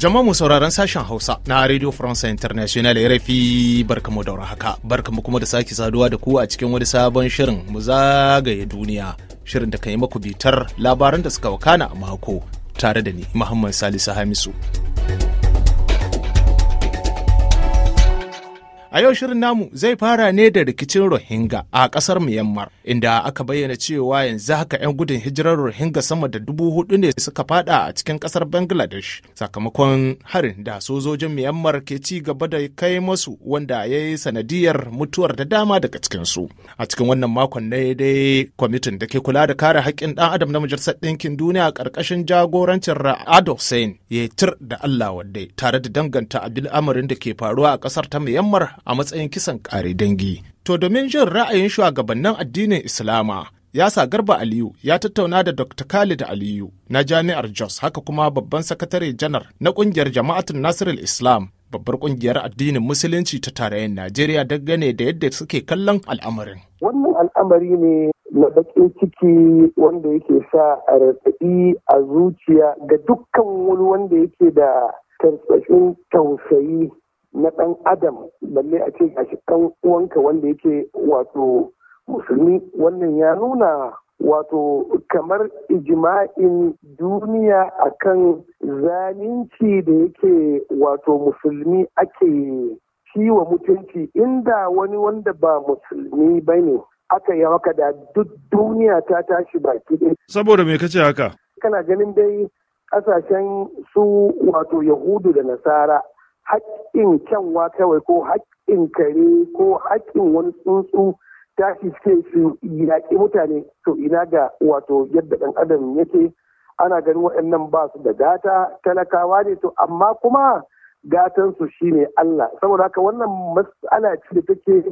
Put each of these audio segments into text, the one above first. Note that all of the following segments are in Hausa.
Jama'a mu sauraron sashen Hausa na Radio France International RFI barkamu da haka barkamu kuma da sake saduwa da ku a cikin wani sabon shirin mu zagaye duniya shirin da kan yi maku bitar labaran da suka wakana a mako tare da ni Muhammad Salisu Hamisu. A yau shirin namu zai fara ne da rikicin Rohingya a ƙasar Myanmar, inda aka bayyana cewa yanzu haka 'yan gudun hijirar Rohingya sama da dubu hudu ne suka fada a cikin ƙasar Bangladesh sakamakon harin da sojojin Myanmar ke ci gaba da kai masu wanda ya yi sanadiyar mutuwar da dama daga cikinsu. A cikin wannan makon ne dai kwamitin da ke kula da kare haƙƙin ɗan adam na Majalisar Ɗinkin Duniya a ƙarƙashin jagorancin Ra'ad Hussein ya tir da Allah wadde tare da danganta amarin da ke faruwa a ƙasar ta Myanmar a matsayin kisan kare dangi. To domin jin ra'ayin shugabannin addinin Islama, Yasa Garba Aliyu ya tattauna da Dr. Khalid Aliyu na Jami'ar Jos haka kuma babban sakatare janar na kungiyar Jama'atul Nasirul Islam babbar kungiyar addinin musulunci ta tarayyar Najeriya dangane da yadda suke kallon al'amarin. Wannan al'amari ne na baƙin ciki wanda yake sa a raɗaɗi a zuciya ga dukkan wani wanda yake da tausayi na ɗan adam balle a ce gashi ɗan uwanka wanda yake wato musulmi wannan ya nuna wato kamar ijima'in duniya akan zalunci da yake wato musulmi ake ciwa mutunci inda wani wanda ba musulmi ba ne aka yi haka da duk duniya ta tashi baki ɗaya. Saboda me kace haka? Kana ganin dai ƙasashen su wato Yahudu da Nasara haƙƙin kyanwa kawai ko haƙƙin kare ko haƙƙin wani tsuntsu tashi suke su yaƙi mutane to ina ga wato yadda ɗan adam yake ana ganin waɗannan ba su da gata talakawa ne to amma kuma gatansu shi shine Allah saboda haka wannan mas'ala ce da take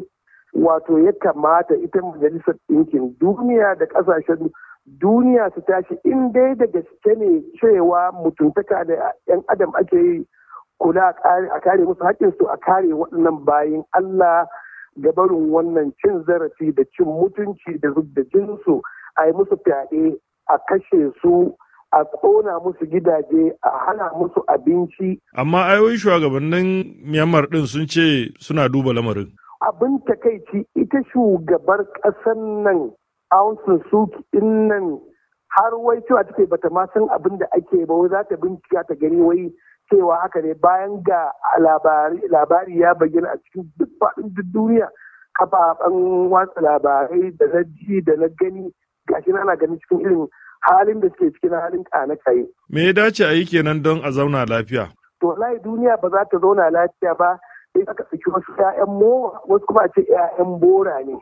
wato ya kamata ita majalisar ɗinkin duniya da ƙasashen duniya su tashi in dai da gaske ne cewa mutuntaka da 'yan adam ake yi kula a kare musu haƙƙinsu a kare waɗannan bayan Allah gabarin wannan cin zarafi da cin mutunci da zub da jinsu a yi musu fyaɗe a kashe su a ƙona musu gidaje a hana musu abinci. Amma ayoyi shugabannin Myanmar ɗin sun ce suna duba lamarin. Abin takaici ita shugabar ƙasar nan Aung Suki ɗin nan har wai cewa take bata ma san abin da ake ba wai za ta bincika ta gani wai cewa haka ne bayan ga labari ya bayyana a cikin duk faɗin duk duniya kafafen watsa labarai da na ji da na gani gashi ana gani cikin irin halin da suke cikin halin na kaye. Me ya dace a yi kenan don a zauna lafiya? To layi duniya ba za ta zauna lafiya ba sai aka saki wasu 'ya'yan mowa wasu kuma a ce 'ya'yan bora ne.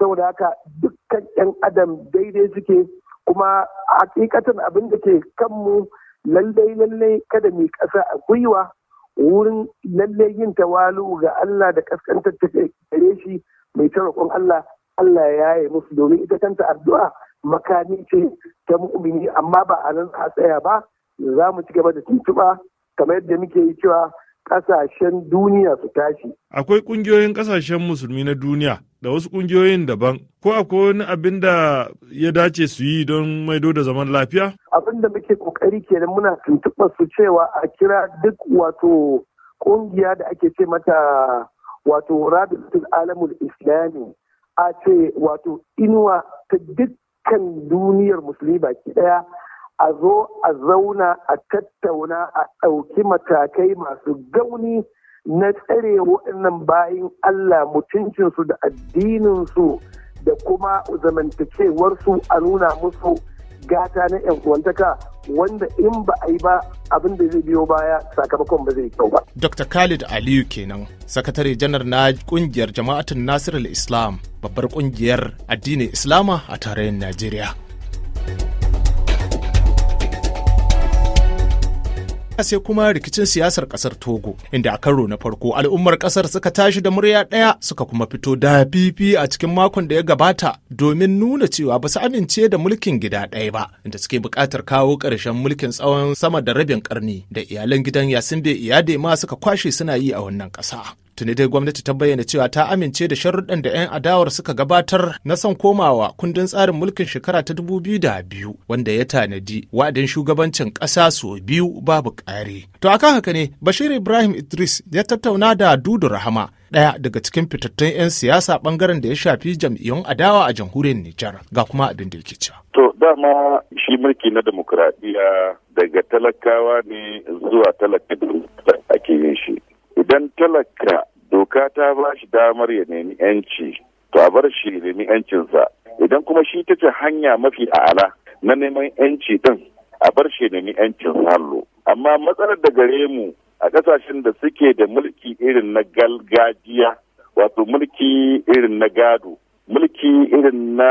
Saboda haka dukkan 'yan adam daidai suke kuma hakikatan abin da ke kanmu lallai lallai kada mai ƙasa a gwiwa wurin lallai yin tawalu ga Allah da kaskantar ta gare shi mai tarakon Allah Allah ya yi musu domin ita kanta addu'a makami ce ta mu'mini amma ba a nan a tsaya ba za mu ci gaba da tuntuɓa kamar yadda muke yi cewa ƙasashen duniya su tashi. Akwai ƙungiyoyin ƙasashen musulmi na duniya da wasu ƙungiyoyin daban. Ko akwai wani abin da ya dace su yi don maido da zaman lafiya? Abin da muke ƙoƙari kenan muna tuntuɓar su cewa a kira duk wato ƙungiya da ake ce mata wato Rabitul Alamul Islami a ce wato inuwa ta dukkan duniyar musulmi baki ɗaya a zo a zauna a tattauna a ɗauki matakai masu gauni na tsare waɗannan bayan Allah mutuncinsu da addininsu da kuma zamantakewarsu a nuna musu gata na 'yan uwantaka wanda in ba a yi ba abin da zai biyo baya sakamakon ba zai kyau ba. Dr. Khalid Aliyu kenan, sakatare janar na kungiyar jama'atin Nasiru Islam, babbar kungiyar addinin Islama a tarayyar Najeriya. sai kuma rikicin siyasar kasar Togo inda a karo na farko al'ummar kasar suka tashi da murya ɗaya suka kuma fito da fifi a cikin makon da ya gabata domin nuna cewa ba su amince da mulkin gida ɗaya ba inda suke buƙatar kawo ƙarshen mulkin tsawon sama da rabin ƙarni da iyalan gidan bai Iyade ma suka kwashe suna yi a wannan ƙasa. tuni dai gwamnati ta bayyana cewa ta amince da sharuɗan da 'yan adawar suka gabatar na son komawa kundin tsarin mulkin shekara ta dubu biyu da biyu, wanda ya tanadi wa'adin shugabancin ƙasa so biyu babu ƙari. To akan haka ne Bashir Ibrahim Idris ya tattauna da Dudu Rahama ɗaya daga cikin fitattun 'yan siyasa ɓangaren da ya shafi jam'iyyun adawa a jamhuriyar Nijar ga kuma abin da yake cewa. To dama shi mulki na demokuraɗiyya daga talakawa ne zuwa talaka ake yin shi. idan talaka doka ta ba shi damar ya nemi yanci to a bar shi nemi yancinsa idan kuma shi ta ce hanya mafi a'ala na neman yanci din a bar shi nemi yancin hallo amma matsalar da gare mu a kasashen da suke da mulki irin na galgajiya wato mulki irin na gado mulki irin na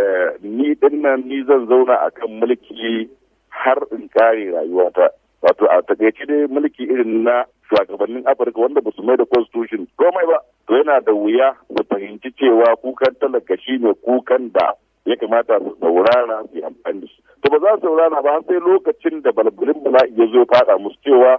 eh, ni dinnan ni zan zauna akan mulki har in kare rayuwata wato a takaice dai mulki irin na shugabannin afirka wanda ba su mai da constitution komai ba to yana da wuya da fahimci cewa kukan talaka shi ne kukan da ya kamata su saurara su amfani da shi to ba za su saurara ba sai lokacin da balbulin bala'i ya zo fada musu cewa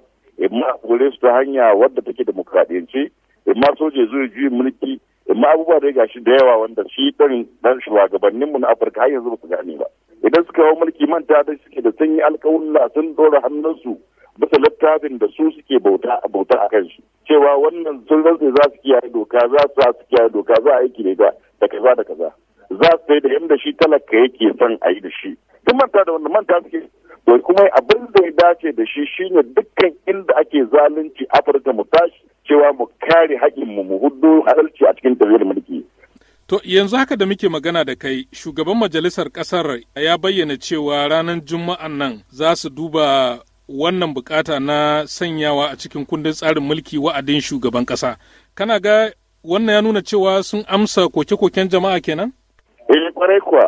ma kore su ta hanya wadda take demokradiyance ma soja ya juyin mulki ma abubuwa da ya gashi da yawa wanda shi ɗan shugabanninmu na afirka har yanzu ba su gane ba idan suka hau mulki manta da suke da sun yi alkawulla sun dora hannunsu bisa littafin da su suke bauta a bauta a kan shi cewa wannan sun rantse za su kiyaye doka za su su kiyaye doka za a aiki da da kaza da kaza za su sai da yadda shi talaka yake son a yi da shi sun manta da wannan manta suke to kuma abin da ya dace da shi shine dukkan inda ake zalunci afirka mu tashi cewa mu kare haƙƙin mu mu huddo halalci a cikin tafiyar mulki To yanzu haka da muke magana da kai shugaban majalisar ƙasar ya bayyana cewa ranar juma'an nan za su duba wannan bukata na sanyawa a cikin kundin tsarin mulki wa'adin shugaban ƙasa. Kana ga wannan ya nuna cewa sun amsa koke-koken jama'a kenan? Eh kwarai kuwa,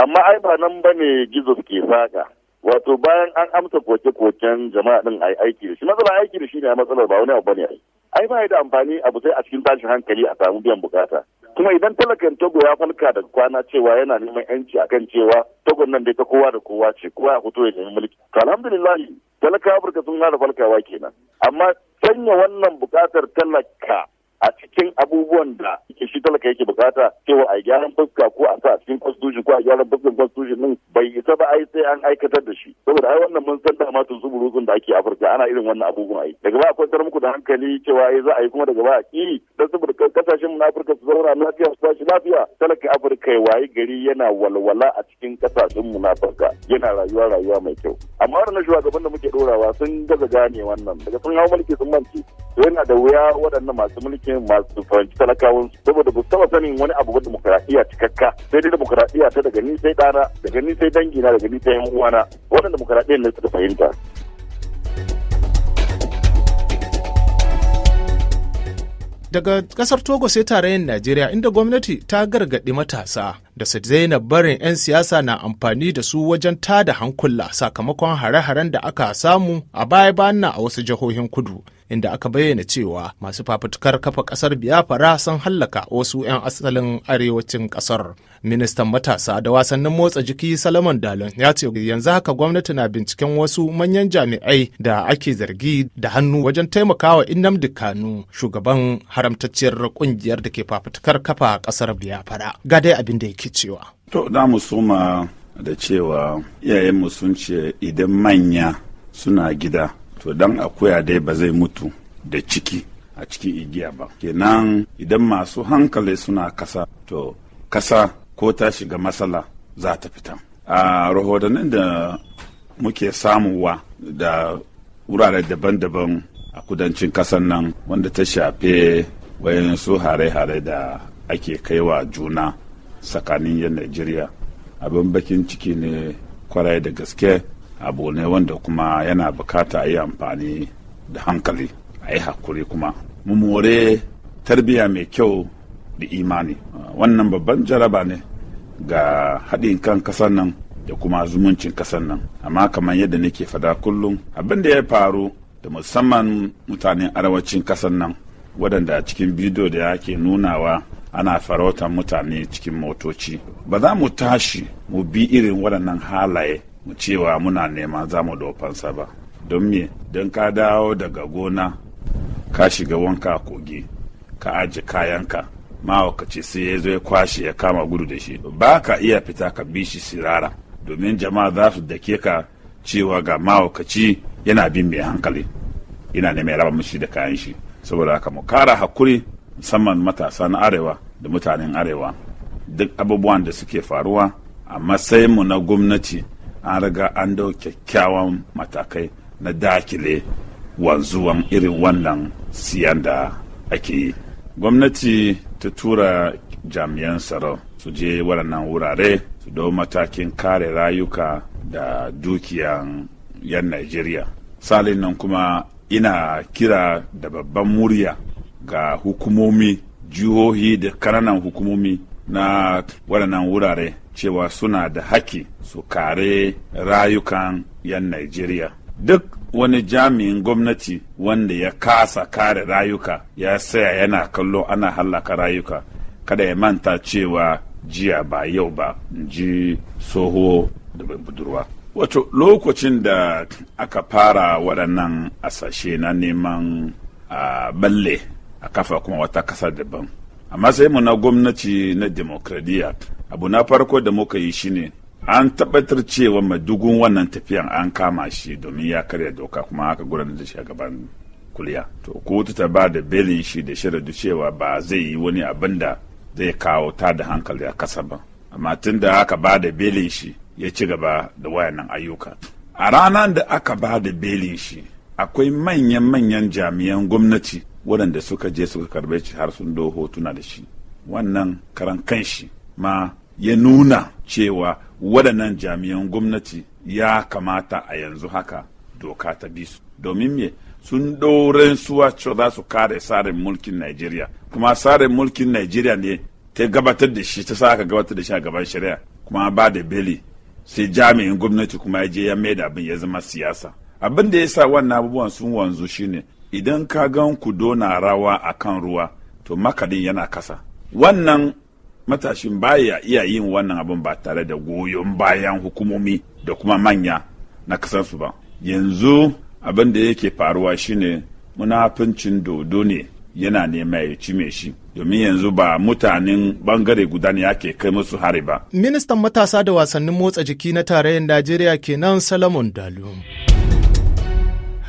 amma ai ba nan ba ne gizo ke saka. Wato bayan an amsa koke-koken jama'a din a aiki da shi, matsalar aiki da shi ne a matsalar ba wani abu ba ne ai ba da amfani abu sai a cikin tashin hankali a samu biyan bukata kuma idan talakan togo ya falka daga kwana cewa yana neman yanci akan cewa togon nan dai ta kowa da kowa ce kowa ya fito ya nemi mulki to alhamdulillah talaka afirka sun hana falkawa kenan amma sanya wannan bukatar talaka a cikin abubuwan da shi talaka yake bukata cewa a gyaran fuska ko a sa a cikin constitution ko a gyaran fuskan constitution din bai isa ba ai sai an aikatar da shi saboda ai wannan mun san dama tun tsuburutsun da ake afirka ana irin wannan abubuwan ai daga ba akwai muku da hankali cewa ai eh za a yi kuma daga ba a ki dan saboda kasashen mu na afirka su zauna lafiya su tashi lafiya talaka afirka ya wayi gari yana walwala a cikin kasashen mu na afirka yana rayuwa rayuwa mai kyau amma wannan shugaban da muke dorawa sun gaza gane wannan daga sun hawo mulki sun mance yana da wuya waɗannan masu mulkin masu fahimci talakawan saboda saboda ba taba sanin wani abu ba demokradiyya cikakka sai dai demokradiyya ta daga ni sai dana daga ni sai dangina daga ni sai yan uwana wannan demokradiyyar ne suka fahimta daga kasar togo sai tarayyar najeriya inda gwamnati ta gargaɗi matasa da su daina barin 'yan siyasa na amfani da su wajen tada hankula sakamakon hare-haren da aka samu a baya-bayan nan a wasu jihohin kudu inda aka bayyana cewa masu fafutukar kafa kasar biyafara sun hallaka wasu 'yan asalin arewacin kasar Ministan matasa da wasannin motsa jiki Salomon Dalon ya ce yanzu haka gwamnati na binciken wasu manyan jami'ai da ake zargi da hannu wajen taimakawa innam Kanu shugaban haramtacciyar kungiyar da ke fafutukar kafa kasar biafara Ga dai abin da yake cewa. To da mu suma da cewa iyayenmu sun ce idan manya suna gida to dan akuya dai ba zai mutu da ciki a cikin igiya ba kenan idan masu hankali suna kasa to kasa ko ta shiga matsala za ta fita a rahotannin da muke samuwa da wurare daban-daban a kudancin kasan nan wanda ta shafe su hare-hare da ake kaiwa juna tsakanin yan Najeriya abin bakin ciki ne kwarai da gaske abu ne wanda kuma yana bukata a yi amfani da hankali a yi hakuri kuma mu more tarbiyya mai kyau da imani wannan babban jaraba ne ga haɗin kan ƙasar nan da kuma zumuncin ƙasar nan amma kamar yadda nake fada kullum abin da ya faru da musamman mutanen arewacin ƙasar nan waɗanda cikin bidiyo da yake nunawa ana farautar mutane cikin motoci ba za mu tashi mu bi irin waɗannan halaye mu cewa muna nema za mu dofansa ba don me don ka dawo daga gona ka shiga wanka kogi ka aje kayanka mahaukaci sai ya zo ya kwashe ya kama gudu da shi ba ka iya fita ka bi shi sirara domin jama'a za su dake ka cewa ga mawakaci yana bin mai hankali yana ne mai raba mishi da kayan shi saboda haka mu kara hakuri musamman matasa na arewa da mutanen arewa duk abubuwan da suke faruwa a mu na gwamnati an riga an dau kyakkyawan matakai na dakile wanzuwan irin wannan siyan da ake yi gwamnati ta tura jami'an tsaro su je waɗannan wurare su dau matakin kare rayuka da dukiyan 'yan Najeriya. Salin nan kuma ina kira da babban murya ga hukumomi jihohi da kananan hukumomi na waɗannan wurare cewa suna da haƙƙi su kare rayukan 'yan Najeriya. duk wani jami'in gwamnati wanda ya kasa kare rayuka ya saya yana kallo ana hallaka rayuka kada ya manta cewa jiya ba yau ba ji soho da budurwa wato lokacin da aka fara waɗannan asashe na neman a balle a kafa kuma wata ƙasa daban amma sai mu na gwamnati na demokradiyya abu na farko da muka yi shine an tabbatar cewa mai dugun wannan tafiyan an kama shi domin ya karya doka kuma aka gudanar da shi a gaban kuliya to kotu ta ba da belin shi da sharadu cewa ba zai yi wani abin da zai kawo ta da hankali a kasa ba amma tun da aka ba da belin shi ya ci gaba da wayannan ayyuka a ranar da aka ba da belin shi akwai manyan-manyan jami'an gwamnati waɗanda suka je suka karbe shi har sun doho tuna da shi wannan karan kanshi ma ya nuna cewa waɗannan jami'an gwamnati ya kamata a yanzu haka doka ta bi su domin me sun ɗauren suwa cewa za su kare tsarin mulkin Najeriya kuma tsarin mulkin Najeriya ne ta gabatar da shi ta saka gabatar da shi a gaban shari'a kuma ba da beli sai jami'in gwamnati kuma ya je ya mai da abin ya zama siyasa abin da ya sa wannan abubuwan sun wanzu shine idan ka gan ku dona rawa akan ruwa to makadin yana kasa wannan matashin baya iya yin wannan abin ba tare da goyon bayan hukumomi da kuma manya na su ba yanzu abin da yake faruwa shine munafincin dodo ne yana nema ya cime shi domin yanzu ba mutanen bangare guda ne ake kai musu hari ba ministan matasa da wasannin motsa jiki na tarayyar najeriya kenan salamon dalu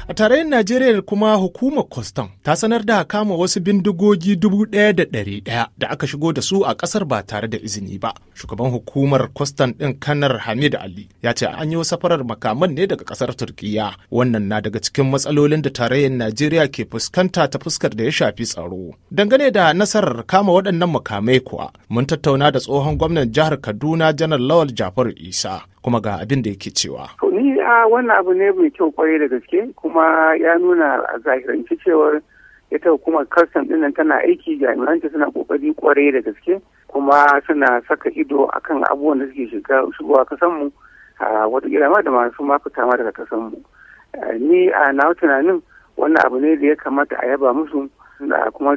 A tarayyar Najeriya kuma hukumar kwastam ta sanar da kama wasu bindigogi dubu ɗaya da ɗari ɗaya da aka shigo da su a ƙasar ba tare da izini ba. Shugaban hukumar kwastam ɗin kanar Hamid Ali ya ce an yi safarar makaman ne daga ƙasar Turkiyya. Wannan na daga cikin matsalolin da tarayyar Najeriya ke fuskanta ta fuskar da ya shafi tsaro. Dangane da nasarar kama waɗannan makamai kuwa mun tattauna da tsohon gwamnan jihar Kaduna Janar Lawal Jafaru Isa kuma ga abin da yake cewa. ni a wannan abu ne mai kyau kwarai da gaske kuma ya nuna a zahirance cewar ita kuma kastam dinnan tana aiki jami'anta suna kokari kwarai da gaske kuma suna saka ido akan abubuwan da suke shigowa kasanmu a wata ma da masu mafita ma daga kasanmu. Ni a na tunanin wannan abu ne da ya kamata a yaba musu kuma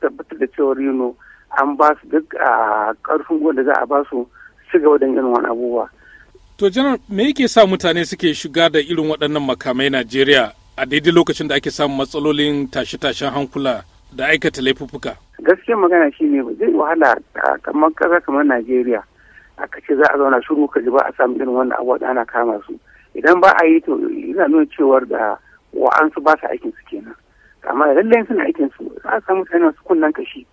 tabbatar da cewar yino an ba su duk a karfin da za a ba su ci gaba irin abubuwa To janar me yake sa mutane suke shiga da irin waɗannan makamai Najeriya a daidai lokacin da ake samun matsalolin tashe-tashen hankula da aikata laifuffuka? Gaskiyar magana shi ne zai wahala kamar ƙasa kamar Najeriya a kace za a zauna shiru ka ba a samu irin wannan abuwa ana kama su. Idan ba a yi to ina nuna cewar da wa'ansu ba su aikin su kenan. Amma lallai suna aikin su za a samu mutane su kunnen kashi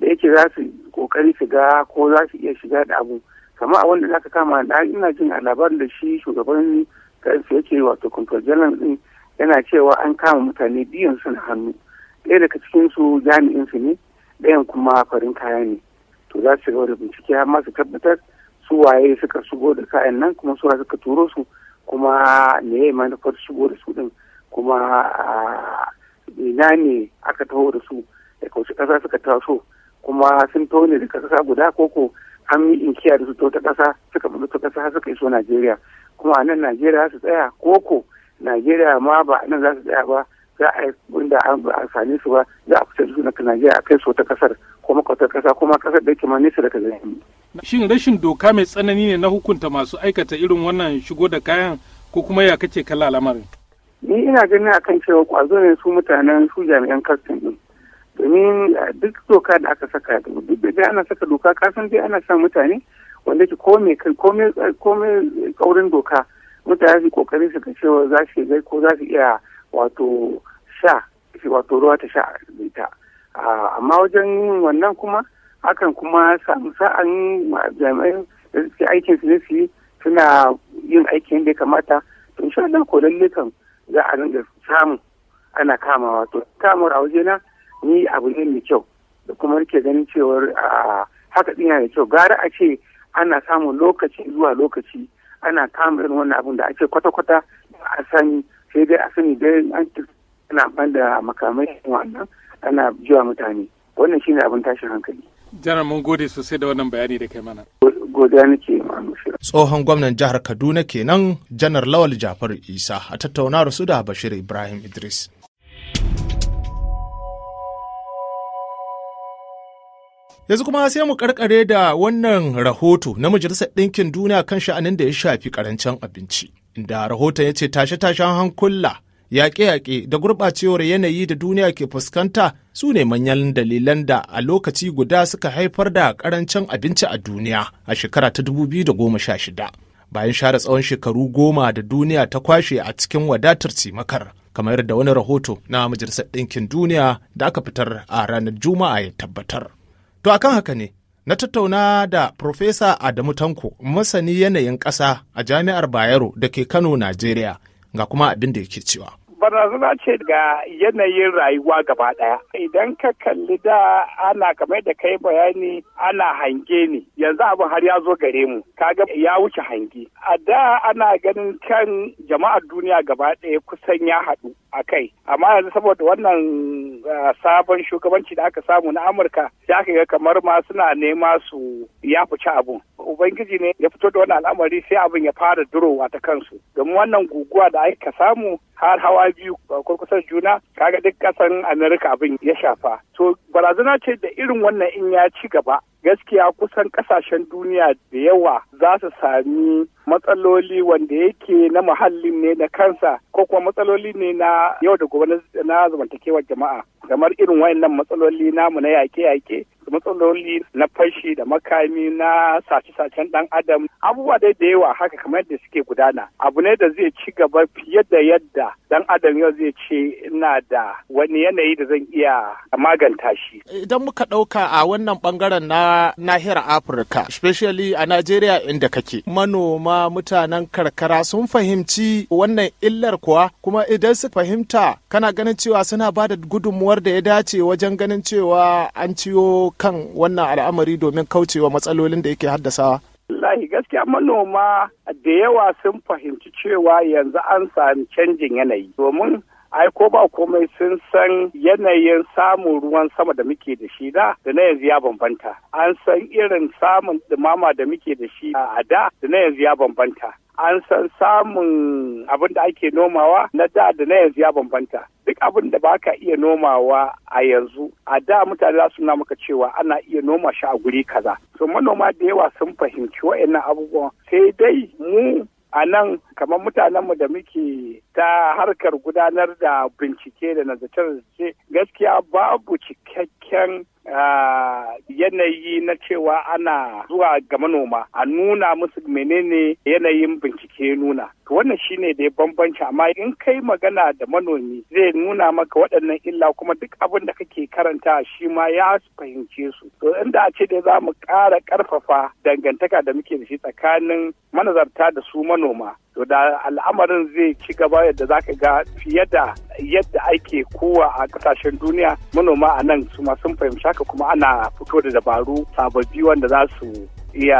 da yake za su kokari shiga ko za su iya shiga da abu. kama a wanda zaka kama da ina jin a labarin da shi shugaban kansu yake wato control general din yana cewa an kama mutane biyan sun hannu ɗaya daga cikin su jami'in su ne ɗayan kuma farin kaya ne to za su gaba da bincike har masu su tabbatar su waye suka shigo da kayan nan kuma su suka turo su kuma me ya manufar shigo da su din kuma ah, ina ne aka taho da su daga wasu ƙasa suka taso kuma sun taho ne da ƙasa guda koko an yi inkiya da su ta kasa suka fito ta kasa suka iso Najeriya kuma a nan Najeriya su tsaya koko Najeriya ma ba nan za su tsaya ba za a yi inda an ba a su ba za a fitar da su na Najeriya kai so ta ƙasar ko makwatar ƙasa kuma ƙasar da yake ma nesa daga zai. Shin rashin doka mai tsanani ne na hukunta masu aikata irin wannan shigo da kayan ko kuma ya kace kala lamarin? Ni ina ganin akan cewa kwazo ne su mutanen su jami'an kastin din domin duk doka da aka saka duk da ana saka doka kasan dai ana sa mutane wanda ke kome kaurin doka mutane su kokarin su ga cewa za su zai ko za su iya wato sha wato ruwa ta sha ita amma wajen wannan kuma hakan kuma samu sa'an jami'ai da suke aikin su ne su yi suna yin aikin da ya kamata to insha Allah ko za a ringa samu ana kamawa to kamar a wajena ni abu ne mai kyau da kuma rike ganin cewar haka ɗin da kyau gara a ce ana samun lokaci zuwa lokaci ana kama irin wannan abin da ake kwata-kwata a sani sai dai a sani dai an ana ban da makamai wannan ana jiwa mutane wannan shine abin tashin hankali janar mun gode sosai da wannan bayani da kai mana godiya nake tsohon gwamnan jihar kaduna kenan janar lawal jafar isa a tattaunawar su da bashir ibrahim idris Yanzu kuma sai mu karkare da wannan rahoto na Majalisar Ɗinkin Duniya kan sha'anin da ya shafi karancin abinci, inda rahoton ya ce tashe-tashen hankula, yaƙe-yaƙe da gurɓacewar yanayi da duniya ke fuskanta su ne manyan dalilan da a lokaci guda suka haifar da karancin abinci a duniya a shekara ta dubu biyu da goma sha shida Bayan share tsawon shekaru goma da duniya ta kwashe a cikin wadatar cimakar, kamar da wani rahoto na Majalisar Ɗinkin Duniya da aka fitar a ranar Juma'a ya tabbatar. To a kan haka ne, na tattauna da Profesa Adamu Tanko, masani yanayin ƙasa a Jami'ar Bayero da ke Kano, Najeriya, ga kuma abin da yake cewa. barazana ce ga yanayin rayuwa gaba ɗaya. Idan ka kalli da ana kamar da kai bayani ana hange ne, yanzu abin har ya zo gare mu, kaga ya wuce hange. A da ana ganin kan jama'ar duniya gaba ɗaya kusan ya haɗu. a kai amma yanzu saboda wannan sabon shugabanci da aka samu na amurka ya ka ga kamar ma suna nema su ya fice abun ubangiji ne ya fito da wannan al'amari sai abin ya fara durowa ta kansu domin wannan guguwa da aka samu har hawa biyu kurkusar juna kaga duk kasan amerika abin ya shafa to barazana ce da irin wannan in ya ci gaba gaskiya kusan kasashen duniya da yawa za su sami matsaloli wanda yake na muhallin ne na kansa ko kuma matsaloli ne na yau da gobe na zamantakewar jama'a kamar irin wayannan matsaloli namu na yaƙe-yaƙe matsaloli na fashi da makami na sace-sacen dan adam abubuwa dai da yawa haka kamar yadda suke gudana abu ne da zai ci gaba fiye da yadda dan adam yau zai ce ina da wani yanayi da zan iya maganta shi idan muka ɗauka a wannan bangaren na nahiyar afirka especially a najeriya inda kake manoma mutanen karkara sun fahimci wannan illar kuwa kuma idan su fahimta kana ganin cewa suna ba da gudunmuwar da ya dace wajen ganin cewa an ciwo. kan wannan al'amari domin kaucewa matsalolin da yake haddasa wallahi gaskiya manoma da yawa sun fahimci cewa yanzu an sami canjin yanayi domin ai ko ba komai sun san yanayin samun ruwan sama da muke da shi da da na yanzu ya bambanta an san irin samun dumama da muke da shi a da da na yanzu ya bambanta an san samun abin da ake nomawa na da da na yanzu ya bambanta duk abin da baka iya nomawa a yanzu a da mutane za su nuna maka cewa ana iya noma shi a guri kaza so manoma da yawa sun fahimci wa'annan abubuwa, sai dai mu a nan kamar mutanenmu da muke ta harkar gudanar da bincike da nazarce gaskiya babu cikakken yanayi na cewa ana zuwa ga manoma a nuna musu menene yanayin bincike nuna wannan shine da ya bambanci amma in kai magana da manomi zai nuna maka waɗannan illa kuma duk abin da kake karanta shi ma ya fahimce su to inda a ce da za mu ƙara ƙarfafa dangantaka da muke da shi tsakanin manazarta da su manoma to da al'amarin zai ci gaba yadda za ka ga fiye da yadda ake kowa a kasashen duniya manoma a nan su ma sun fahimci haka kuma ana fito da dabaru sababbi wanda za su iya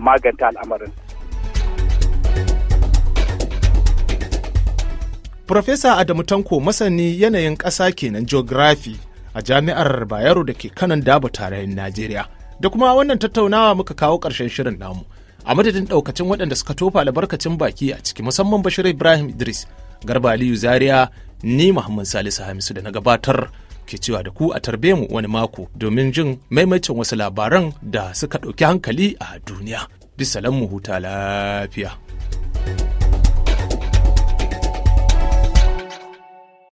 maganta al'amarin. Profesa Adamu Tanko masani yanayin ƙasa kenan geography a jami'ar Bayero da ke kanan dabo tarayin Najeriya. Da kuma wannan tattaunawa muka kawo ƙarshen shirin namu. a madadin daukacin waɗanda suka tofa albarkacin baki a ciki musamman bashir ibrahim idris garba aliyu zaria ni muhammad salisu hamisu da na gabatar ke cewa da ku a tarbe mu wani mako domin jin maimaicin wasu labaran da suka ɗauki hankali a duniya bisalan mu huta lafiya